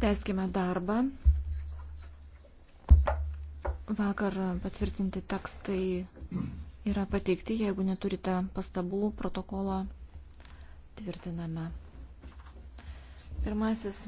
Teskime darbą. Vakar patvirtinti tekstai yra pateikti. Jeigu neturite pastabų, protokolą tvirtiname. Pirmasis